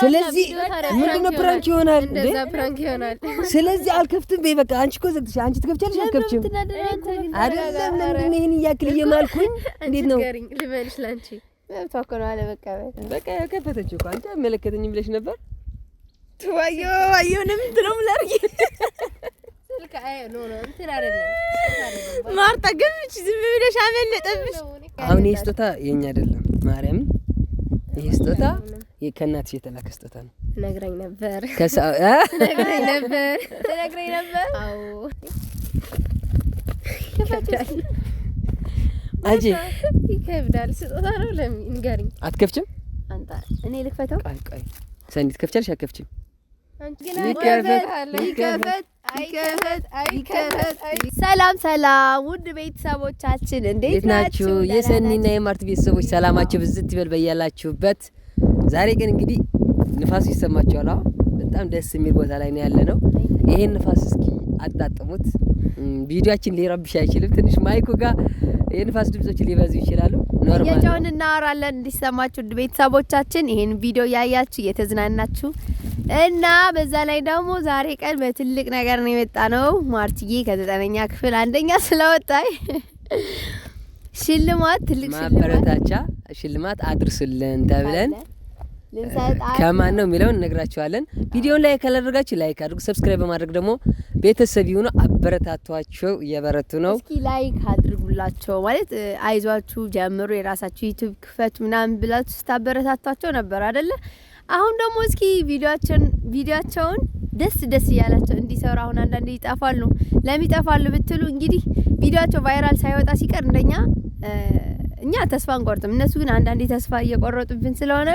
ስለዚህ ምንድን ነው ፕራንክ ይሆናል። ስለዚህ አልከፍትም በይ በቃ። አንቺ እኮ ዘግተሽ አንቺ ትከፍቻለሽ። አልከፍችም አይደለም። ለምንድን ነው ይህን እያክል እየማልኩኝ? እንዴት ነው ልበልሽ? ለአንቺ መብቷ እኮ ነው። አለ በቃ በቃ ከፈተችው እኮ አንቺ አይመለከተኝም ብለሽ ነበር። ትዋዮ ዋዮ ነው የምትለው ምን ላድርጊ? ማርታ ግን ዝም ብለሽ አመለጠብሽ። አሁን ይህ ስጦታ የኛ አይደለም። ማርያምን ይህ ስጦታ ከእናትሽ የተላከ ስጦታ ነው። ነግረኝ ነበር ነግረኝ ነበር ነግረኝ ነበር። አጂ ይከብዳል። ስጦታ ነው። ለምን ንገሪኝ። አትከፍችም? አንተ እኔ ልክፈተው? ቆይ ቆይ፣ ሰኒ ትከፍቻለሽ? አትከፍችም? ሰላም ሰላም፣ ውድ ቤተሰቦቻችን እንዴት ናችሁ? የሰኒና የማርት ቤተሰቦች ሰላማችሁ ብዝት ይበል በያላችሁበት ዛሬ ግን እንግዲህ ንፋሱ ይሰማቸዋል። በጣም ደስ የሚል ቦታ ላይ ነው ያለ ነው። ይሄን ንፋስ እስኪ አጣጥሙት። ቪዲዮችን ሊረብሽ አይችልም። ትንሽ ማይኩ ጋር የንፋስ ድምጾች ሊበዙ ይችላሉ። ኖርማል እናወራለን እንዲሰማችሁ። ቤተሰቦቻችን ይሄን ቪዲዮ ያያችሁ እየተዝናናችሁ እና በዛ ላይ ደግሞ ዛሬ ቀን በትልቅ ነገር ነው የመጣ ነው። ማርትዬ ከዘጠነኛ ክፍል አንደኛ ስለወጣይ ሽልማት፣ ትልቅ ሽልማት ማበረታቻ ሽልማት አድርሱልን ተብለን ከማን ነው የሚለውን እነግራችኋለን። ቪዲዮን ላይ ካላደረጋችሁ ላይክ አድርጉ። ሰብስክራይብ በማድረግ ደግሞ ቤተሰብ ይሁኑ። አበረታቷቸው፣ እየበረቱ ነው። እስኪ ላይክ አድርጉላቸው። ማለት አይዟችሁ፣ ጀምሩ፣ የራሳችሁ ዩቲዩብ ክፈቱ ምናምን ብላችሁ ስታበረታቷቸው ነበር አደለ? አሁን ደግሞ እስኪ ቪዲዮአቸውን ደስ ደስ እያላቸው እንዲሰሩ አሁን አንዳንድ ይጠፋሉ። ለሚጠፋሉ ብትሉ እንግዲህ ቪዲዮቸው ቫይራል ሳይወጣ ሲቀር እንደኛ እኛ ተስፋ እንቆርጥም። እነሱ ግን አንዳንዴ ተስፋ እየቆረጡብን ስለሆነ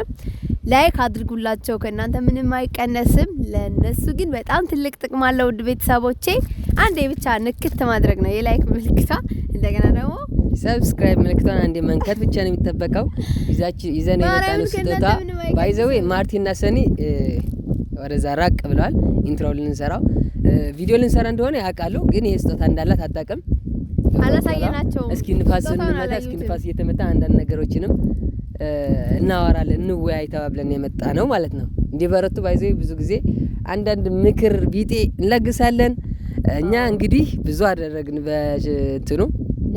ላይክ አድርጉላቸው። ከእናንተ ምንም አይቀነስም፣ ለነሱ ግን በጣም ትልቅ ጥቅም አለው። ውድ ቤተሰቦቼ አንዴ ብቻ ንክት ማድረግ ነው የላይክ ምልክቷ። እንደገና ደግሞ ሰብስክራይብ ምልክቷን አንዴ መንከት ብቻ ነው የሚጠበቀው። ይዘን የመጣነው ስጦታ ባይዘዌ ማርቲና ሰኒ ወደዛ ራቅ ብለዋል። ኢንትሮ ልንሰራው ቪዲዮ ልንሰራ እንደሆነ ያውቃሉ፣ ግን ይሄ ስጦታ እንዳላት አታውቅም። አላሳየናቸውም። እስኪ ንፋስ ስንመታ እስኪ ንፋስ እየተመጣ አንዳንድ ነገሮችንም እናወራለን እንወያይ ተባብለን የመጣ ነው ማለት ነው። እንዲበረቱ ባይዘ ብዙ ጊዜ አንዳንድ ምክር ቢጤ እንለግሳለን። እኛ እንግዲህ ብዙ አደረግን በትኑ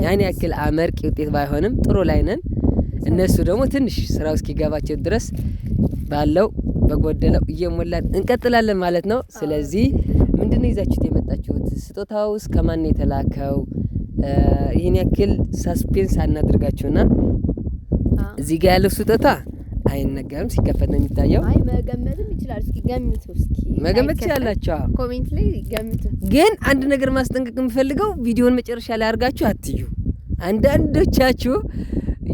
ያን ያክል አመርቂ ውጤት ባይሆንም ጥሩ ላይ ነን። እነሱ ደግሞ ትንሽ ስራው እስኪገባቸው ድረስ ባለው በጎደለው እየሞላን እንቀጥላለን ማለት ነው። ስለዚህ ምንድን ነው ይዛችሁት የመጣችሁት? ስጦታውስ ከማን የተላከው? ይህን ያክል ሳስፔንስ አናድርጋችሁና እዚህ ጋር ያለው ስጦታ አይነገርም፣ ሲከፈት ነው የሚታየው። አይ መገመትም ይችላል። እስኪ ገምቱ፣ እስኪ መገመት ይችላላችሁ። ኮሜንት ላይ ገምቱ። ግን አንድ ነገር ማስጠንቀቅ የምፈልገው ቪዲዮን መጨረሻ ላይ አድርጋችሁ አትዩ። አንዳንዶቻችሁ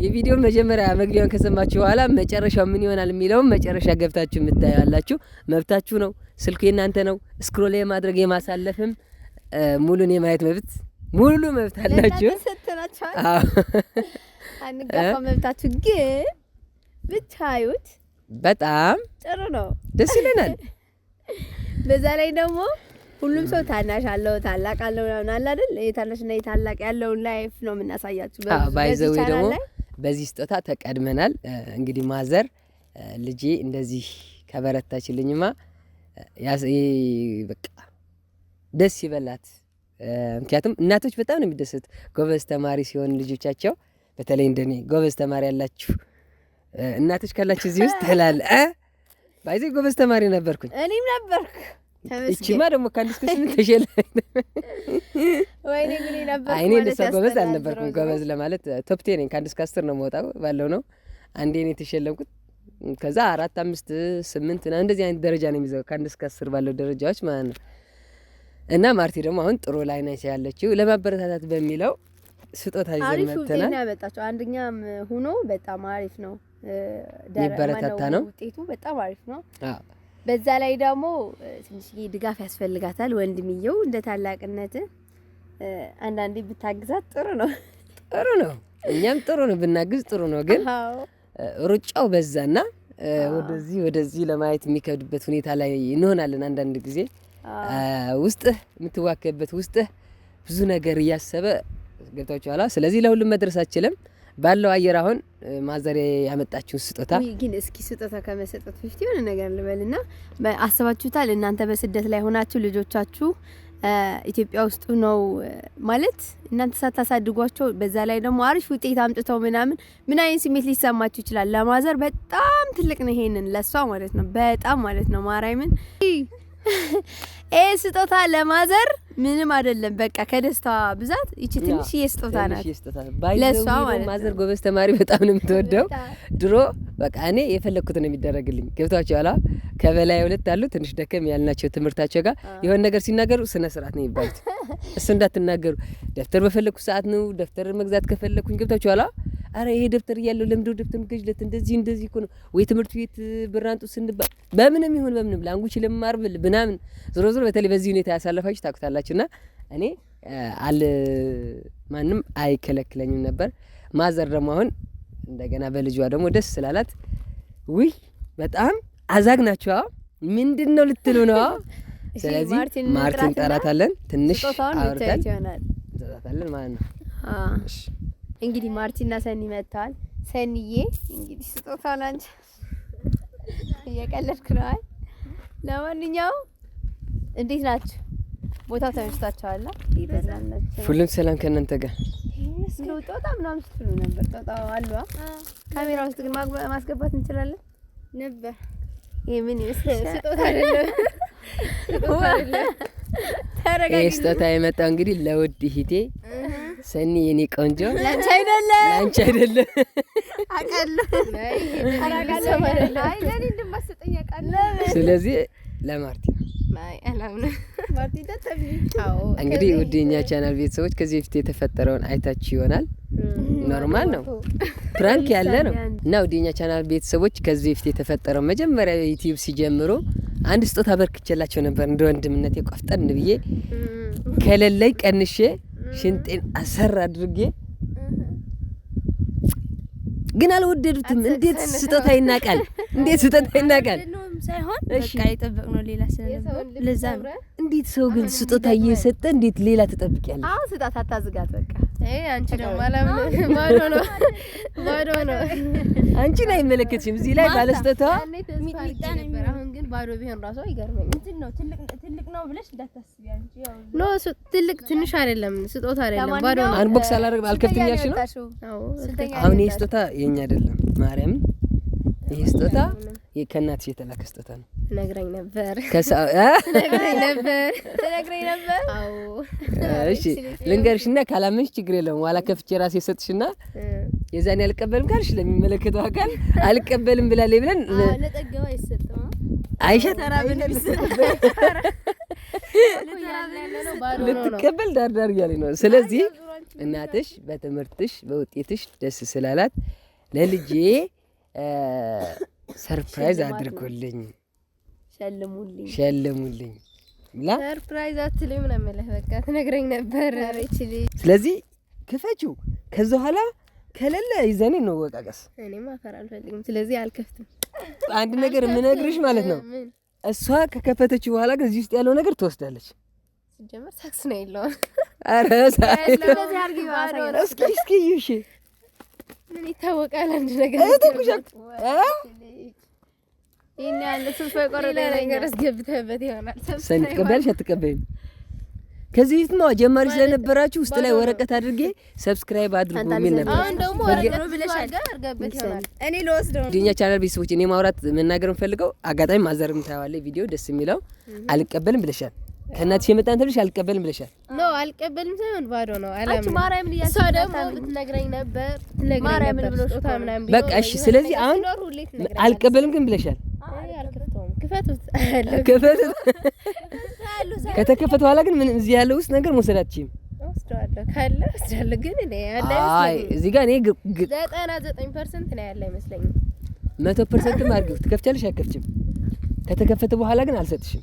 የቪዲዮ መጀመሪያ መግቢያውን ከሰማችሁ በኋላ መጨረሻው ምን ይሆናል የሚለውን መጨረሻ ገብታችሁ የምታያላችሁ። መብታችሁ ነው። ስልኩ የእናንተ ነው። ስክሮል የማድረግ የማሳለፍም ሙሉን የማየት መብት ሙሉ መብት አላችሁ። አንጋፋ መብታችሁ ግን ብታዩት በጣም ጥሩ ነው፣ ደስ ይለናል። በዛ ላይ ደግሞ ሁሉም ሰው ታናሽ አለው ታላቅ አለው ምናምን አለ አይደል? የታናሽና የታላቅ ያለውን ላይፍ ነው የምናሳያችሁ። ባይዘዌ ደግሞ በዚህ ስጦታ ተቀድመናል። እንግዲህ ማዘር ልጄ እንደዚህ ከበረታችልኝማ በቃ ደስ ይበላት ምክንያቱም እናቶች በጣም ነው የሚደሰት ጎበዝ ተማሪ ሲሆን ልጆቻቸው። በተለይ እንደኔ ጎበዝ ተማሪ ያላችሁ እናቶች ካላችሁ እዚህ ውስጥ ትላል ባይዘ ጎበዝ ተማሪ ነበርኩኝ፣ እኔም ነበርኩ። እቺማ ደግሞ ከአንድ ተሸለ ወይኔ ጉኔ ነበር። እኔ ጎበዝ አልነበርኩም። ጎበዝ ለማለት ቶፕቴ ነኝ። ከአንድ እስከ አስር ነው መውጣው ባለው ነው። አንዴ ኔ የተሸለምኩት ከዛ አራት፣ አምስት፣ ስምንት እንደዚህ አይነት ደረጃ ነው የሚዘው ከአንድ እስከ አስር ባለው ደረጃዎች ማለት ነው። እና ማርቲ ደግሞ አሁን ጥሩ ላይ ነች ያለችው። ለማበረታታት በሚለው ስጦታ ይዘን መጥተናል። ያመጣቸው አንደኛም ሆኖ በጣም አሪፍ ነው፣ የሚበረታታ ነው። ውጤቱ በጣም አሪፍ ነው። በዛ ላይ ደግሞ ትንሽ ድጋፍ ያስፈልጋታል። ወንድምየው እንደ ታላቅነት አንዳንዴ ብታግዛት ጥሩ ነው፣ ጥሩ ነው። እኛም ጥሩ ነው ብናግዝ ጥሩ ነው። ግን ሩጫው በዛና ወደዚህ ወደዚህ ለማየት የሚከብድበት ሁኔታ ላይ እንሆናለን አንዳንድ ጊዜ ውስጥህ የምትዋከብበት ውስጥህ ብዙ ነገር እያሰበ ገብታችኋላ። ስለዚህ ለሁሉም መድረስ አችልም። ባለው አየር አሁን ማዘሬ ያመጣችውን ስጦታ ግን እስኪ ስጦታ ከመሰጠት በፊት የሆነ ነገር ልበልና አስባችሁታል? እናንተ በስደት ላይ ሆናችሁ ልጆቻችሁ ኢትዮጵያ ውስጥ ነው ማለት እናንተ ሳታሳድጓቸው፣ በዛ ላይ ደግሞ አሪፍ ውጤት አምጥተው ምናምን ምን አይነት ስሜት ሊሰማችሁ ይችላል? ለማዘር በጣም ትልቅ ነው። ይሄንን ለሷ ማለት ነው በጣም ማለት ነው ማርያምን ይህ ስጦታ ለማዘር ምንም አይደለም። በቃ ከደስታዋ ብዛት ይቺ ትንሽ የስጦታ ናት ለእሷ ማለት ነው። ማዘር ጎበዝ ተማሪ በጣም ነው የምትወደው። ድሮ በቃ እኔ የፈለግኩት ነው የሚደረግልኝ። ገብቷቸው አላ ከበላይ ሁለት አሉ ትንሽ ደከም ያልናቸው ትምህርታቸው ጋር የሆነ ነገር ሲናገሩ ስነ ስርዓት ነው የሚባሉት። እሱ እንዳትናገሩ ደብተር በፈለግኩ ሰዓት ነው ደብተር መግዛት ከፈለግኩኝ ገብቷቸው አላ አረ ይሄ ደብተር እያለው ለምደው ደብተር ገጅለት እንደዚህ እንደዚህ እኮ ነው ወይ ትምህርት ቤት ብራንጡ ስንባል በምንም ይሁን በምንም ላንጉች ለማር ብል ብናምን ዞሮ ዞሮ በተለይ በዚህ ሁኔታ ያሳለፋችሁ ታውቁታላችሁና እኔ አል ማንም አይከለክለኝም ነበር። ማዘር ደግሞ አሁን እንደገና በልጇ ደግሞ ደስ ስላላት ውይ በጣም አዛግ ናቸው ምንድን ነው ልትሉ ነው? ስለዚህ ማርቲን እንጠራታለን። ትንሽ አውርተን እንጠራታለን ማለት ነው። እንግዲህ ማርቲና ሰኒ መጥተዋል። ሰኒዬ እንግዲህ ስጦታ ላንቺ እየቀለድኩ ነው። አይ ለማንኛውም እንዴት ናችሁ? ቦታው ተመችቷቸዋል? ሁሉም ሰላም ከእናንተ ጋር ነው። ጦጣ ምናምን ስትሉ ነበር። ጦጣ አሉ። ካሜራ ውስጥ ግን ማስገባት እንችላለን ነበር። ይሄ ምን ይመስላል? ስጦታ አይደለም፣ ስጦታ አይደለም። ስጦታ የመጣው እንግዲህ ለውድ ሂቴ ሰኒ የኔ ቆንጆ ለአንቺ አይደለም ለአንቺ አይደለም አውቃለሁ። ስለዚህ ለማርቲ እንግዲህ ውድ የኛ ቻናል ቤተሰቦች ከዚህ በፊት የተፈጠረውን አይታችሁ ይሆናል። ኖርማል ነው፣ ፕራንክ ያለ ነው እና ውድ የኛ ቻናል ቤተሰቦች ከዚህ በፊት የተፈጠረው መጀመሪያ ዩቲዩብ ሲጀምሩ አንድ ስጦታ አበርክቼላቸው ነበር እንደ ወንድምነት የቋፍጠን ብዬ ከሌለኝ ቀንሼ ሽንጤን አሰር አድርጌ ግን አልወደዱትም። እንዴት ስጦታ ይናቃል? እንዴት ስጦታ ይናቃል? ሳይሆን እንዴት ሰው ግን ስጦታ እየሰጠ እንዴት ሌላ ትጠብቂያለሽ? አዎ ስጣት፣ አታዝጋት። በቃ አንቺ ነው አይመለከትሽም። እዚህ ላይ ባለስጦታዋ ባዶ ቢሆን ራሱ አይገርመኝ። እንትን ነው ትልቅ ትልቅ ነው ብለሽ እንዳታስቢ አንቺ። ያው ኖ ትልቅ ትንሽ አይደለም፣ ስጦታ አይደለም፣ ባዶ ነው። አንቦክስ አላደርግ አልከፍትም ያልሽ ነው። አሁን ይሄ ስጦታ የኛ አይደለም፣ ማርያም። ይሄ ስጦታ ከእናትሽ የተላከ ስጦታ ነው። ነግረኝ ነበር ነግረኝ ነበር ነግረኝ ነበር። አዎ እሺ ልንገርሽና ካላመንሽ ችግር የለውም። ዋላ ከፍቼ ራሴ የሰጥሽና የዛኔ አልቀበልም ካልሽ ለሚመለከተው አካል አልቀበልም ብላለች ብለን ለጠገባ ይሰጣል አይሸተራ ልትቀበል ዳርዳር እያለኝ ነው። ስለዚህ እናትሽ በትምህርትሽ በውጤትሽ ደስ ስላላት ለልጄ ሰርፕራይዝ አድርጎልኝ ሸልሙልኝ ሰርፕራይዝ አትልም ነው የምልህ። በቃ ትነግረኝ ነበር። ስለዚህ ክፈችው። ከዛ በኋላ ከሌለ ይዘኔ ነው ወቃቀስ። እኔም አፈር አልፈልግም። ስለዚህ አልከፍትም። አንድ ነገር የምነግርሽ ማለት ነው። እሷ ከከፈተች በኋላ ግን እዚህ ውስጥ ያለው ነገር ትወስዳለች። ጀመር ሳክስ ነው የለውም። ኧረ እስኪ እስኪ ይሽ ምን ይታወቃል? አንድ ነገር ይህን ያለ ስንፎ የቆረጠ ነገር አስገብተህበት ይሆናል። ሰኒ ትቀበያለሽ አትቀበይም? ከዚህ ፊት ማ ጀማሪ ስለነበራችሁ ውስጥ ላይ ወረቀት አድርጌ ሰብስክራይብ አድርጉ የሚል ነበር። ዲኛ ቻናል ቤተሰቦች፣ እኔ ማውራት መናገር የምፈልገው አጋጣሚ ማዘርም ምታዋለ ቪዲዮ ደስ የሚለው አልቀበልም ብለሻል። ከእናትሽ የመጣን እንትን አልቀበልም ብለሻል። ኖ አልቀበልም ሳይሆን ባዶ ነው አላምን። ማርያምን እያሰብኩ ደግሞ ብትነግረኝ ነበር ማርያምን ብሎ ስጦታ ምናምን በቃ እሺ። ስለዚህ አሁን አልቀበልም ግን ብለሻል። ክፈቱት ክፈቱት ከተከፈተ በኋላ ግን ምንም እዚህ ያለ ውስጥ ነገር መውሰድ አትችይም። ወስደዋለሁ ካለ ግን እኔ እዚህ ጋር እኔ ዘጠና ዘጠኝ ፐርሰንት ነው ያለ አይመስለኝም። መቶ ትከፍቻለሽ፣ ከተከፈተ በኋላ ግን አልሰጥሽም፣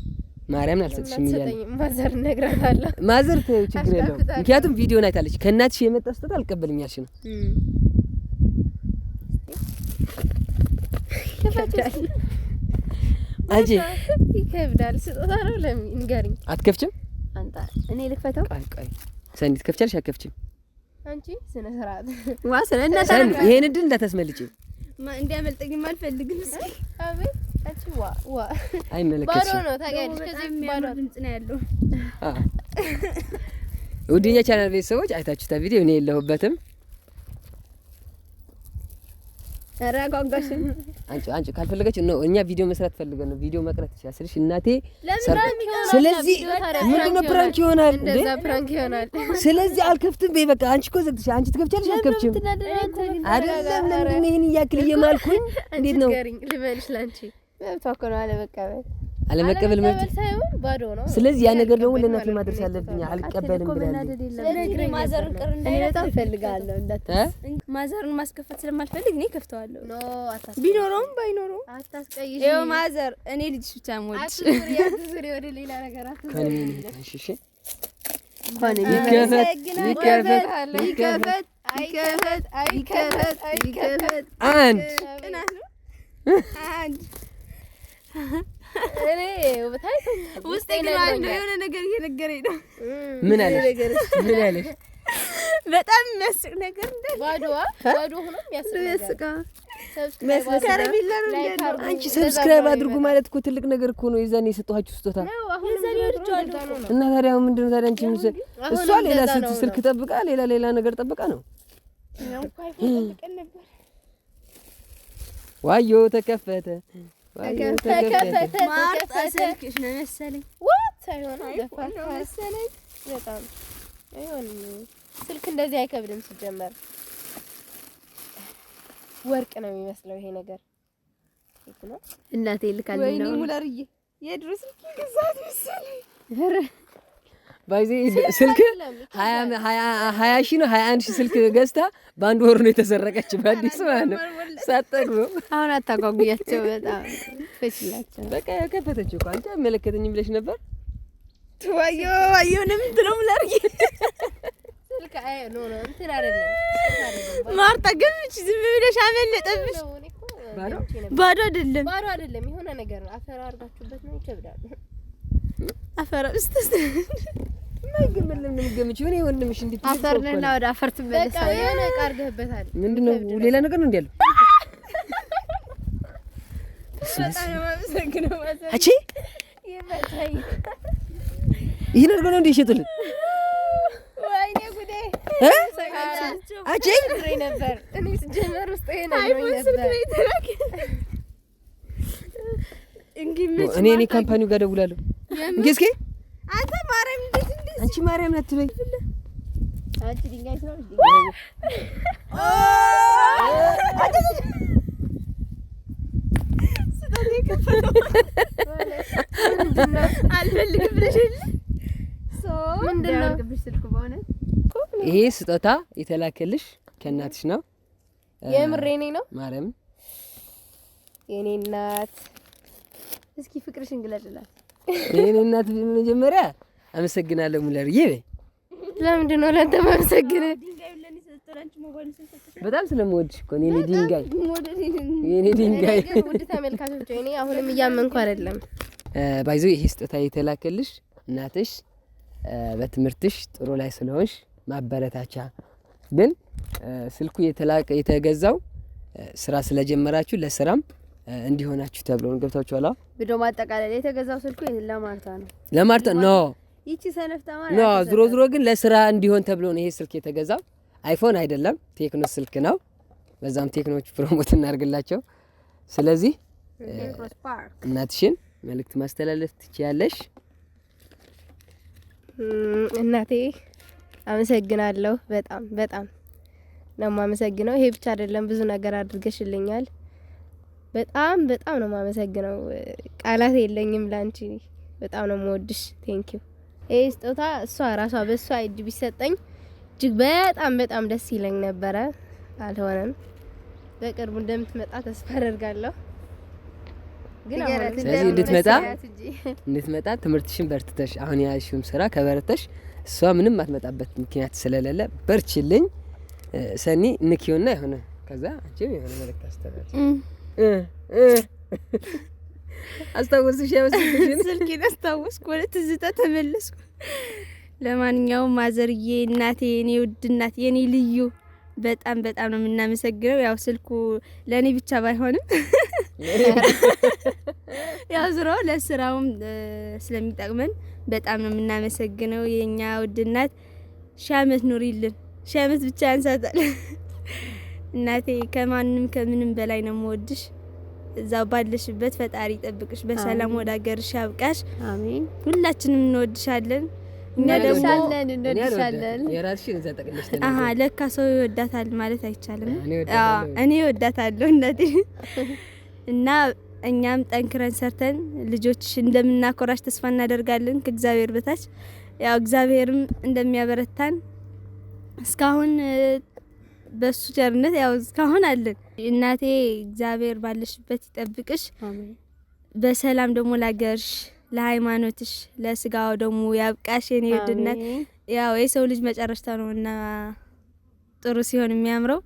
ማርያምን አልሰጥሽም እያለ ማዘር እነግራታለሁ። ማዘር ተይው፣ ችግር የለውም ምክንያቱም ከእናትሽ የመጣ ስህተት አልቀበልም ነው አጂ ይከብዳል። ስጦታ ነው። ለምን ንገሪኝ። አትከፍችም? አንተ እኔ ልክፈተው? ቆይ ቆይ ሰኒ ትከፍቻለሽ? አትከፍችም? አንቺ ስነ ስርዓት ዋ ስነ እና ሰኒ ይሄን ድል እንዳታስመልጪ ማ እንዲያመልጠኝም አልፈልግም። እስኪ አቤት አንቺ ዋ ዋ አይመለከትሽም። ባሮ ነው ታውቂያለሽ። ከዚህ ባሮ ድምጽ ነው ያለው። ውድኛ ቻናል ቤተሰቦች አይታችሁታ ቪዲዮ እኔ የለሁበትም አራጓጓሽን አንቺ አንቺ ካልፈለገች ነው። እኛ ቪዲዮ መስራት ፈልገን ነው። ቪዲዮ መቅረት ይችላል ስልሽ እናቴ። ስለዚህ ምንድን ነው ፕራንክ ይሆናል፣ እንደዛ ፕራንክ ይሆናል። ስለዚህ አልከፍትም በይ በቃ። አንቺ እኮ ዘግተሽ አንቺ ትከፍቻለሽ። አልከፍችም አይደለም። ምንድን ነው ይሄን እያክል እየማልኩኝ እንዴት ነው ልበልሽ? ላንቺ መብቷ እኮ ነው አለመቀበል አለመቀበል መብት ሳይሆን ባዶ ነው። ስለዚህ ያ ነገር ደግሞ ለእናቴ ማድረስ ያለብኝ አልቀበልም ስለዚህ ማዘርን ቅር ፈልጋለሁ ማስከፈት ስለማልፈልግ እኔ ከፍተዋለሁ። ኖ አታስ ቢኖረውም ባይኖረውም አታስቀይሽ። ይኸው ማዘር እኔ ልጅ ብቻ ሞት ወደ ሌላ ነገር አትዙሪ። ይከፈት ይከፈት ይከፈት ይከፈት አንድ አንድ እኔ ውስጤ ግን ማለት የሆነ ነገር እየነገረኝ ነው። ምን አለሽ? ምን አለሽ? በጣም የሚያስቅ ነገር እንዳለ ባዶዋ ባዶ ሆኖ የሚያስቅ አንቺ ሰብስክራይብ አድርጉ ማለት እኮ ትልቅ ነገር እኮ ነው። የዛኔ የሰጠኋችሁ ስጦታ እና ታዲያ ምንድን ነው ታዲያ? አንቺ እሷ ሌላ ስልክ ጠብቃ ሌላ ሌላ ነገር ጠብቃ ነው። ዋዮ ተከፈተ። በጣም ስልክ እንደዚህ አይከብድም። ሲጀመር ወርቅ ነው የሚመስለው ይሄ ነገር እናቴ ልካልኝ ነው። ወይኔ ሙለርዬ የድሮ ስልክ ይገዛት መሰለኝ ባይዜ ስልክ ሀያ ሺ ነው ሀያ አንድ ሺ ስልክ ገዝታ በአንድ ወር ነው የተሰረቀች። በአዲስ ማለት ነው ሳጠግብ አሁን አታጓጉያቸው በጣም በቃ ከፈተች እኮ አንተ አይመለከተኝም ብለሽ ነበር። ዋዮ ዋዮ ንምትለውም ላርጊ ማርታ ግን ዝም ብለሽ አመለጠብሽ። ባዶ አይደለም ባዶ አይደለም የሆነ ነገር አፈር አድርጋችሁበት ነው ይከብዳል። አፈር እስተስ አፈርንና ወደ አፈር ትመለሳለህ። የሆነ ዕቃ አድርገህበታል። ምንድን ሌላ ነገር ነው እንደ ያለው ይህን አድርገው ነው እንደ ይሸጡልን እኔ እኔ ካምፓኒው ጋር ደውላለሁ። እስኪ አንተ ማርያም እንዴት እንዴት አንቺ ማርያም ነት በይ አንቺ ድንጋይ ነው ድንጋይ አልፈልግም ብለሽ ይሄ ስጦታ የተላከልሽ ከእናትሽ ነው። የምር የኔ ነው። ማርያም የኔ እናት፣ እስኪ ፍቅርሽን ግለጭላት የኔ እናት መጀመሪያ አመሰግናለሁ ሙለርዬ በይ። ለምንድን ነው ለአንተ ማመሰግነው? በጣም ስለምወድሽ እኮ የኔ ድንጋይ የኔ ድንጋይ። ውድ ተመልካቾች እኔ አሁንም እያመንኩ አይደለም። ባይዞ ይሄ ስጦታ የተላከልሽ እናትሽ በትምህርትሽ ጥሩ ላይ ስለሆንሽ ማበረታቻ። ግን ስልኩ የተገዛው ስራ ስለጀመራችሁ ለስራም እንዲሆናችሁ ተብሎ ነው። ገብታችኋል? ቪዲዮ ማጠቃለል የተገዛው ስልኩ ለማርታ ነው። ለማርታ ኖ፣ ይቺ ሰነፍ ተማሪ ኖ። ዝሮ ዝሮ ግን ለስራ እንዲሆን ተብሎ ነው ይሄ ስልክ የተገዛው። አይፎን አይደለም፣ ቴክኖ ስልክ ነው። በዛም ቴክኖች ፕሮሞት እናርግላቸው። ስለዚህ እናትሽን መልእክት ማስተላለፍ ትችያለሽ። እናቴ አመሰግናለሁ። በጣም በጣም ነው የማመሰግነው። ይሄ ብቻ አይደለም፣ ብዙ ነገር አድርገሽልኛል። በጣም በጣም ነው የማመሰግነው። ቃላት የለኝም ላንቺ። በጣም ነው የምወድሽ። ቴንክ ዩ። ይህ ስጦታ እሷ ራሷ በእሷ እጅ ቢሰጠኝ እጅግ በጣም በጣም ደስ ይለኝ ነበረ። አልሆነም። በቅርቡ እንደምትመጣ ተስፋ አደርጋለሁ። ስለዚህ እንድትመጣ እንድትመጣ ትምህርትሽን በርትተሽ አሁን ያልሽውም ስራ ከበረተሽ እሷ ምንም አትመጣበት ምክንያት ስለሌለ በርችልኝ። ሰኒ ንኪውና የሆነ ከዛ አንቺም የሆነ መልእክት አስተላልፍ አስታወስሽ? ያወስሽን ስልኬን አስታወስኩ፣ ወደ ትዝታ ተመለስኩ። ለማንኛውም ማዘርዬ፣ እናቴ፣ የኔ ውድ የኔ ልዩ በጣም በጣም ነው የምናመሰግነው። ያው ስልኩ ለእኔ ብቻ ባይሆንም ያው ዝሮ ለስራውም ስለሚጠቅመን በጣም ነው የምናመሰግነው። የእኛ ውድ እናት ሺህ ኑሪልን። ሺህ ዓመት ብቻ ያንሳታል። እናቴ ከማንም ከምንም በላይ ነው የምወድሽ። እዛ ባለሽበት ፈጣሪ ይጠብቅሽ፣ በሰላም ወደ ሀገርሽ ያብቃሽ። አሜን። ሁላችንም እንወድሻለን። እኛ ደግሞ እንወድሻለን። ዘጠቅልሽ። አሀ ለካ ሰው ይወዳታል ማለት አይቻልም። እኔ እወዳታለሁ እናቴ እና እኛም ጠንክረን ሰርተን ልጆች እንደምናኮራሽ ተስፋ እናደርጋለን። ከእግዚአብሔር በታች ያው እግዚአብሔርም እንደሚያበረታን እስካሁን በሱ ቸርነት ያው እስካሁን አለን። እናቴ እግዚአብሔር ባለሽበት ይጠብቅሽ፣ በሰላም ደግሞ ላገርሽ፣ ለሃይማኖትሽ፣ ለስጋው ደግሞ ያብቃሽ። የኔ ውድነት ያው የሰው ልጅ መጨረሻ ነው እና ጥሩ ሲሆን የሚያምረው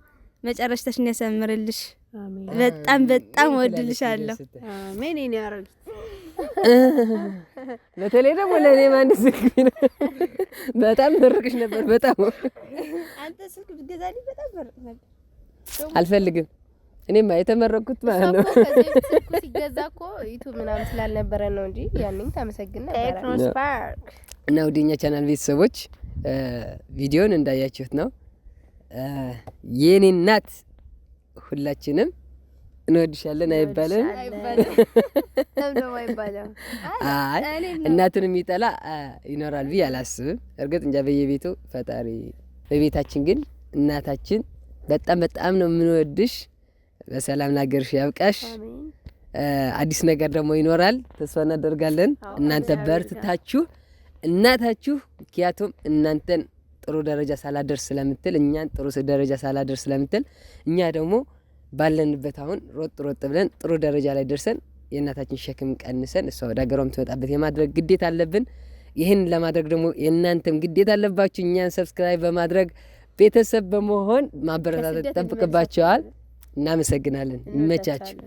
መጨረሻሽን ያሰምርልሽ። በጣም በጣም ወድልሻለሁ። አሜን። በተለይ ደግሞ ለእኔ ማንድ ስልክ ነው በጣም መርቅሽ ነበር። በጣም አንተ ስልክ ብትገዛልኝ በጣም መርቅ ነበር። አልፈልግም። እኔማ የተመረኩት ማለት ነው። ስልኩ ሲገዛ እኮ ዩቱብ ምናምን ስላልነበረ ነው እንጂ ያንን ታመሰግን ነበር። እና ወደኛ ቻናል ቤተሰቦች ቪዲዮን እንዳያችሁት ነው የኔ እናት ሁላችንም እንወድሻለን አይባልም። አይ እናቱን የሚጠላ ይኖራል ብዬ አላስብም። እርግጥ እንጃ በየቤቱ ፈጣሪ። በቤታችን ግን እናታችን በጣም በጣም ነው የምንወድሽ። በሰላም ለሀገርሽ ያብቃሽ። አዲስ ነገር ደግሞ ይኖራል ተስፋ እናደርጋለን። እናንተ በርትታችሁ እናታችሁ ምክንያቱም እናንተን ጥሩ ደረጃ ሳላደርስ ስለምትል እኛን ጥሩ ደረጃ ሳላደርስ ስለምትል እኛ ደግሞ ባለንበት አሁን ሮጥ ሮጥ ብለን ጥሩ ደረጃ ላይ ደርሰን የእናታችን ሸክም ቀንሰን እሷ ወደ ሀገሯ የምትመጣበት የማድረግ ግዴታ አለብን። ይህን ለማድረግ ደግሞ የእናንተም ግዴታ አለባችሁ። እኛን ሰብስክራይብ በማድረግ ቤተሰብ በመሆን ማበረታታት ይጠብቅባቸዋል። እናመሰግናለን። ይመቻችሁ።